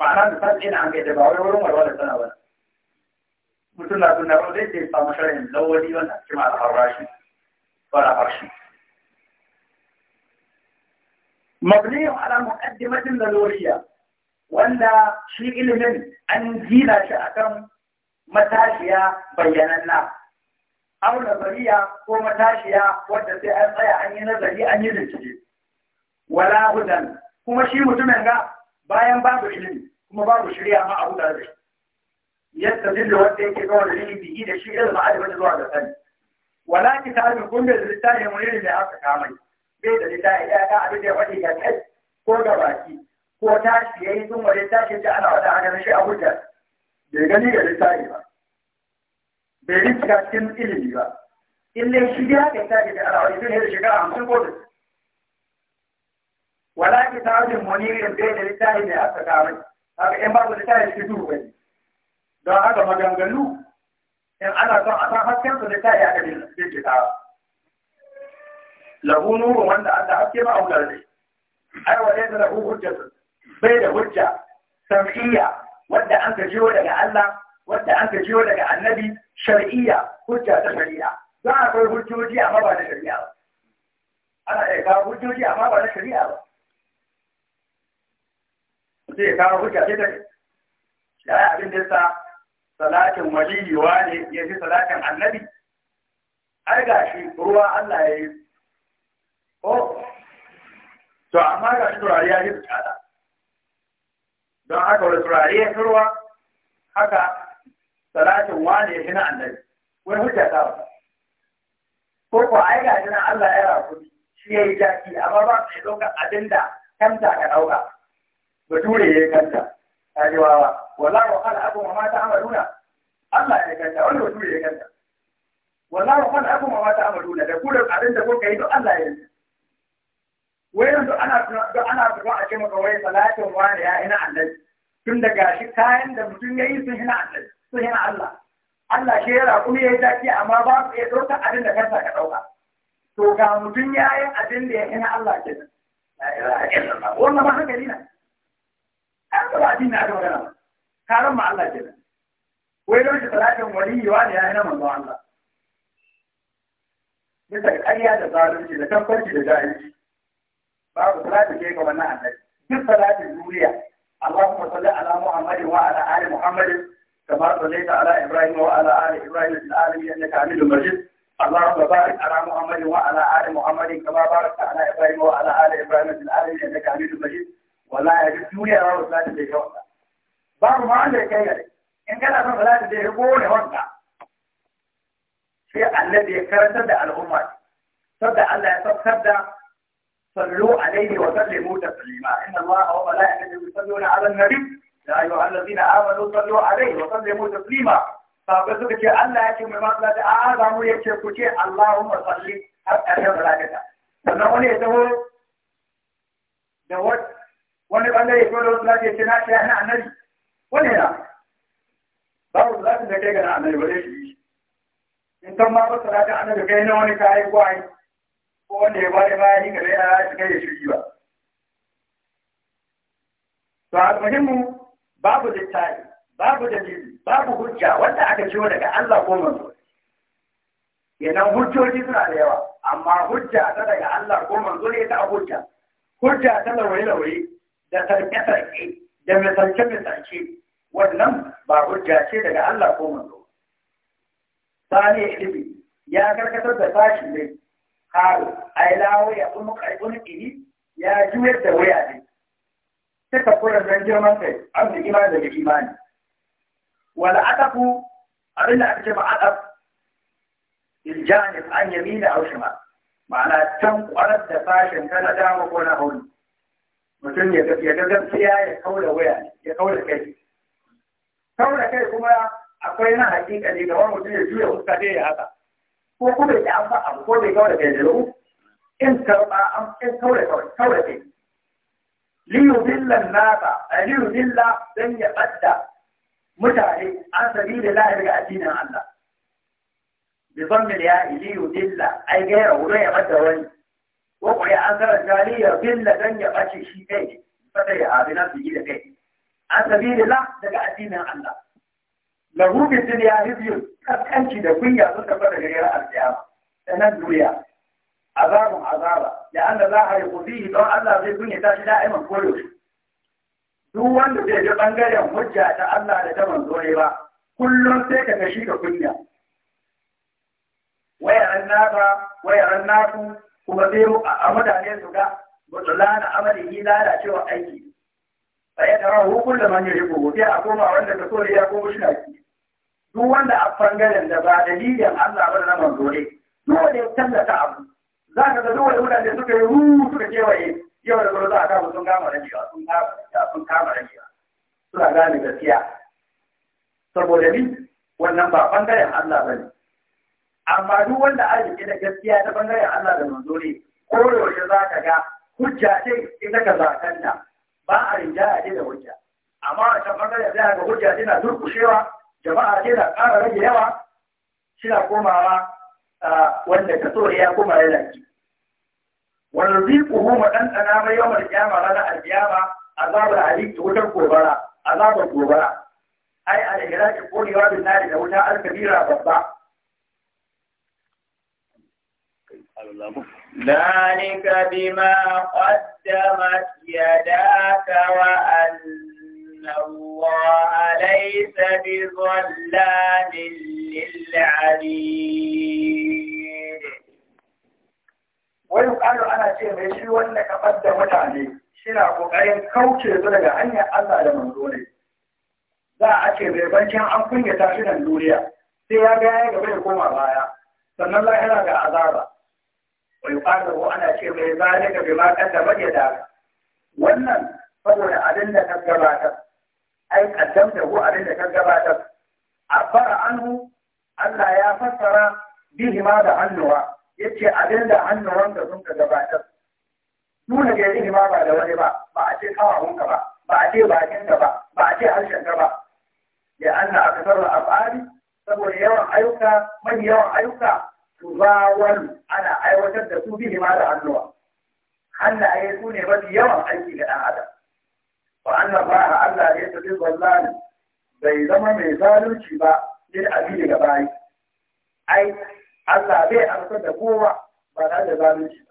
B: معنى مثال عن كيتبع ورم ورم ورم ورم ورم ورم ورم ورم ورم ورم ورم ورم ورم ورم ورم ورم ورم ورم ورم مبني على مقدمة للوحية ولا شيء من أنزيل شأكم متاشيا بيان الله Auna, nazariya ko matashiya wadda sai an tsaya an yi nazari an yi bincike wala hudan kuma shi mutumin ga bayan babu ilimi kuma babu shirya ma abu da zai yadda dilla wanda yake zuwa da ilimi biyi da shi irin ma'adi wanda zuwa da sani wala kitabin kun da littafi mun irin da aka kama bai da littafi ya ga abin da ya faɗi ga kai ko ga baki ko tashi yayi sun wani tashi ta ana wata a ganin shi a hujja bai gani da littafi ba bai riska cikin ilimi ba in dai shi ya kai ta da al'adu zai yi shekara hamsin ko da wala ki ta wajen munirin bai da littafi mai aka kamai haka in babu littafi shi duhu bai don haka maganganu in ana son a san hasken su littafi aka bin shi ta lahu nuru wanda an da haske ba a wular ne ai wa ɗaya da lahu hujjatu bai da hujja sam'iyya wadda an ka jiwo daga Allah wadda an jiyo daga annabi shar'iyya hujja ta shari'a za a kai hujjoji amma ba na shari'a ba ana iya kawo hujjoji amma ba na shari'a ba sai ya kawo hujja ce da shi abin da sa salatin waliyi ne ya fi salatin annabi ai ga shi ruwa Allah ya yi ko oh, to amma ga shi turare ya yi bukata don haka wani turare ya fi ruwa haka salatin wani ya fi na annabi wai hujja ta ba ko ko ai ga jina Allah ya rafu shi ya yi jaki amma ba su yi ɗaukar abin da kanta ka ɗauka Ba bature ya yi kanta ta ji wawa wala wa kala abu ma mata amaluna Allah ya yi kanta wani bature ya yi kanta wala wa kala abu ma mata amaluna da kuren abin da kuka yi to Allah ya yi wai yanzu ana don ana zuwa a ce maka wai salatin wani ya ina annabi tun da gashi kayan da mutum ya yi sun na annabi sun Allah Allah shi ya raƙu ya yi zaki amma ba su iya ɗauka abin da kansa ka ɗauka to ga mutum ya yi abin da ya hina Allah ke nan wannan ma hankali na an ba addini aka magana ba karan ma Allah ke nan wai don talatin wani yiwa ne ya yi na manzo Allah bisa ƙarya da zalunci da tabbaci da jahilci babu talatin ke ga wannan annabi duk talatin duniya Allahumma salli ala Muhammadin wa ala ali Muhammadin كما صليت على إبراهيم وعلى آل إبراهيم في العالمين إنك حميد مجيد اللهم بارك على محمد وعلى آل محمد كما باركت على إبراهيم وعلى آل إبراهيم في العالمين إنك حميد مجيد ولا يجوز دوني أرى صلاة الجهود بعض ما عندك كيف يعني؟ إن كان صلاة الجهود هنا الشيء الذي كان تدع الأمة تدع ألا تبدا صلوا عليه وسلموا تسليما إن الله وملائكته يصلون على النبي يا أيها الذين آمنوا صلوا عليه وسلموا تسليما sahabbai suka ce Allah ya ce mai masu lati a za mu ya ce ku ce Allahumma salli har ƙarshen sannan wani ya taho da wani bangare ko da wasu lati ce na ce na annabi wani na babu salatin da kai ga na annabi bare shi in san wani ko wanda ya shi shirki ba. To a babu littafi babu dalili babu hujja wanda aka ciwo daga Allah ko manzo kenan hujjoji suna da yawa amma hujja ta daga Allah ko manzo ne ta hujja hujja ta lawaye lawaye da sarke sarke da misalce misalce wannan ba hujja ce daga Allah ko manzo sani ilimi ya karkatar da sashi ne haru ai lawo ya kuma karɓi ya juyar da waya ne suka ka kura zan girman kai an fi imani daga imani wala ataku abin da aka ce ba ataf iljanib an yamina aw shimal ma'ana can kwarar da sashen ta na dama ko na hauni mutum ya ga gaskiya ya kaura waya ya kaura kai
A: kaura kai kuma
B: akwai na hakika ne ga wani mutum ya juya fuska dai ya haka ko kuma ya an ba abu ko bai kaura kai da in karba an in kaura kai liyudilla nasa eh, liyudilla dan ya badda mutane an sabi da lahi daga addinin Allah bi ban miliya liyudilla ai ga ya ya badda wani ko ya an karanta liyudilla dan ya bace shi kai fata ya abina su da kai an sabi da daga addinin Allah lahu bi dunya hizyun kaskanci da kunya sun tafi daga yaran duniya azabun azaba da Allah za a yi bihi don Allah zai kunye ta shi da'iman koyo duk wanda zai ji bangaren hujja ta Allah da ta manzo ne ba kullum sai ka gashi ka kunya wayaran naba wayaran naku kuma sai a mutane su ga butulana amali yi lalacewa aiki fa ya tara hukun da man yi gobe sai a koma wanda ka so ya koma shi duk wanda a bangaren da ba dalilin Allah ba na manzo ne dole ya tallata abu za ka ga dole mutane suka yi ru suka kewaye yau da gobe za a kama sun kama rabiya sun kama rabiya sun kama rabiya suna gane gaskiya saboda ni wannan ba bangaren Allah bane amma duk wanda arziki na gaskiya ta bangaren Allah da manzo ne ko yaushe za ka ga hujja ce ita ka zakanta ba a rinjaya ce da hujja amma a can bangaren sai ga hujja tana durkushewa jama'a ce da ƙara rage yawa shi na komawa wanda ta so ya kuma ya laki wanda zai kuhu ma dan tsana mai yawan kiyama ranar alkiyama azabar ali ta wutar gobara azabar gobara ai al-iraqi korewa bin
A: nari da wuta al-kabira babba ذلك بما قدمت يداك وأن إن الله ليس بظلام للعبيد ويقال أنا شيء ماشي ولا كفد متعني شنا قوقين
B: كوكي زلغة عني الله لمن za a ce bai bancin an kunya tashinan duniya sai ya ga ya gaba ya koma baya sannan lahira ga azaba wai kwano ana ce mai zalika bai ma kaddama ya da wannan saboda abin da gabata. ai kaddamta ko abin da kan gabatar abara anhu Allah ya fassara ma da hannuwa yace abin da hannuwan da sun ka gabatar nuna da bihima ba da wani ba ba a ce kawawun ka ba ba a ce bakin ka ba ba a ce harshen ka ba ya anna aksaru af'ali saboda yawan ayyuka man yawan ayyuka tuzawal ana aiwatar da su ma da hannuwa hannaye su ne mafi yawan aiki ga ɗan adam وأن الله ألا يتبع bai zama mai zalunci ba lil abidi ga bayi da kowa ba zalunci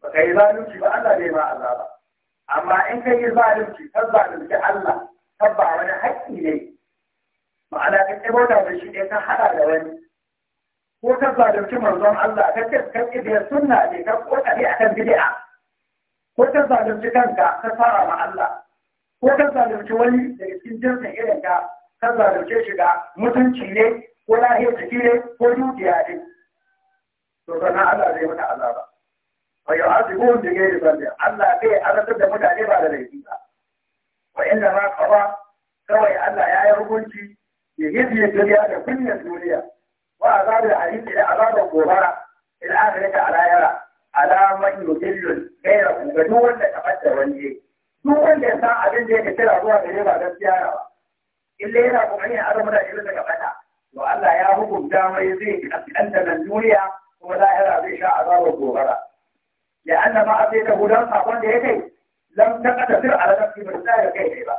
B: ba ba zalunci ba Allah bai ma Allah ba amma in kai yi zalunci kan zalunci Allah kan ba wani haƙƙi ne wani ko ta zalunci manzon Allah ka ka ƙi sunna ne ka ƙoƙari akan bid'a ko ta zalunci kanka ka fara ma Allah ko ta zalunci wani daga cikin jinsin irin ka ka zalunce shi mutunci ne ko lahiyar jiki ne ko dukiya ne to sannan Allah zai mata azaba wa yu'azibuhum bi ghairi dhanbi Allah zai azabtar da mutane ba da laifi ba wa inna ma qara kawai Allah ya yi hukunci ya yi duniya da kunyar duniya wa azabil hadith da azabar gobara ila akhirati ala yara ala man yudillu ghayra ga duk wanda ka fadda wani duk wanda ya san abin da yake kira zuwa gare ba gaskiya na ba illa yana kokari ya azama da irin daga fada to Allah ya hukunta mai zai kaskanta nan duniya kuma lahira zai sha azabar gobara ya anna ma a sai da hudan sakon da ya kai lam ta kada sir ala nafsi ba ta da kai ne ba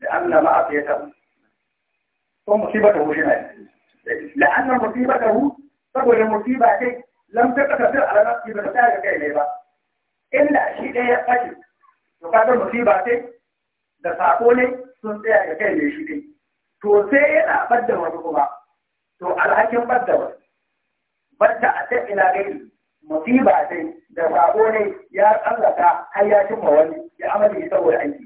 B: da anna ma a sai ta ko musibata hu shi ne la'anna musibata hu saboda musiba ce lam ta kasa sai a ranar ba ta ga kai mai ba inda shi ɗaya ya ɓace to kaga musiba ce da sako ne sun tsaya ga kai mai shi ɗai to sai yana badda wani kuma to alhakin ɓadda wani ɓadda a ta ina gani musiba ce da sako ne ya tsallaka har ya cimma wani ya amince saboda aiki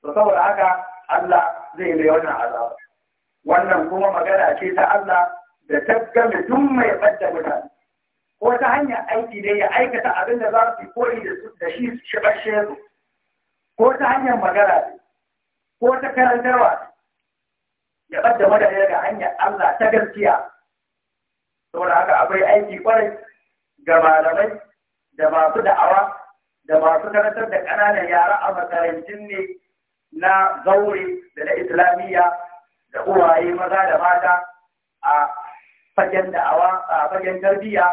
B: to saboda haka Allah zai mai wannan azaba wannan kuma magana ce ta Allah da ta game duk mai badda mutane ko ta hanyar aiki ne ya aikata abin da za su yi koyi da shi su shibashe su ko ta hanyar magana ne ko ta karantarwa ya ɓadda madadi daga hanyar Allah ta gaskiya saboda haka akwai aiki kwarai ga malamai da masu da'awa da masu karantar da ƙananan yara a makarantun ne na zaure da na islamiyya da uwaye maza da mata a fagen da'awa a fagen tarbiyya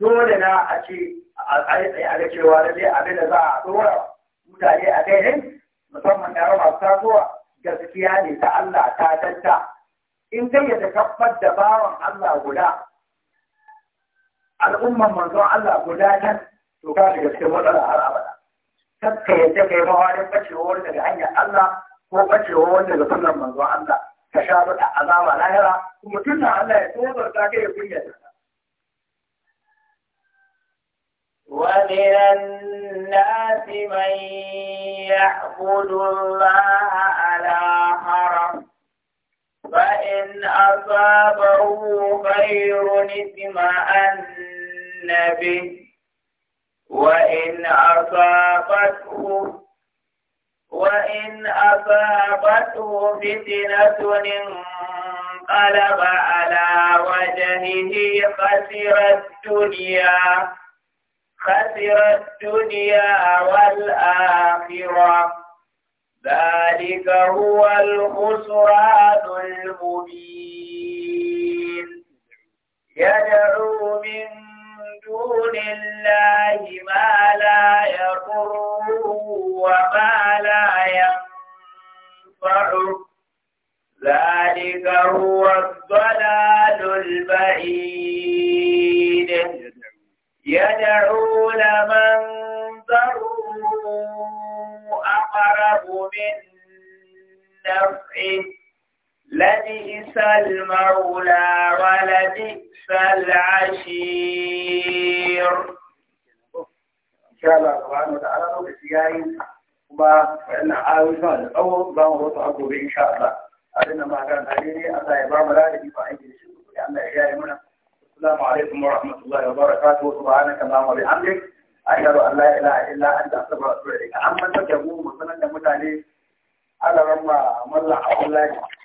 B: dole na a ce a ga cewa da dai abin da za a tsora mutane a kai ne musamman rama masu tasowa gaskiya ne ta Allah ta danta in kai ya takabbar da bawan Allah guda al'umman manzo Allah guda kan to ka shiga cikin matsala har abada kakka yadda kai mawarin bacewar daga hanyar Allah ko bacewar wanda ga sunan manzon Allah
A: ka sha bada azaba lahira kuma tunda Allah ya tsobarta kai ya kunyata ومن الناس من يعبد الله على حرم فإن أصابه خير اطمأن
B: به وإن
A: أصابته وإن أصابته فتنة
B: انقلب على وجهه
A: خسر الدنيا خسر الدنيا والآخرة ذلك هو الخسران المبين يدعو من دون الله ما لا يضره وما لا ينفعه ذلك هو الضلال البعيد يدعو لمن ضره أقرب من نفعه لبئس المولى ولبئس العشير إن شاء الله سبحانه وتعالى بسياين
B: وما فإن عاوزنا الأول لا نغلط أقوى إن شاء الله أرنا ما كان عليه الله يبارك لنا في لأن إجاري منه السلام عليكم ورحمة الله وبركاته سبحانك اللهم وبحمدك أشهد أن لا إله إلا أنت أستغفرك وأتوب إليك
A: أما تجمعوا مثلا متعني على رمى ملا عبد الله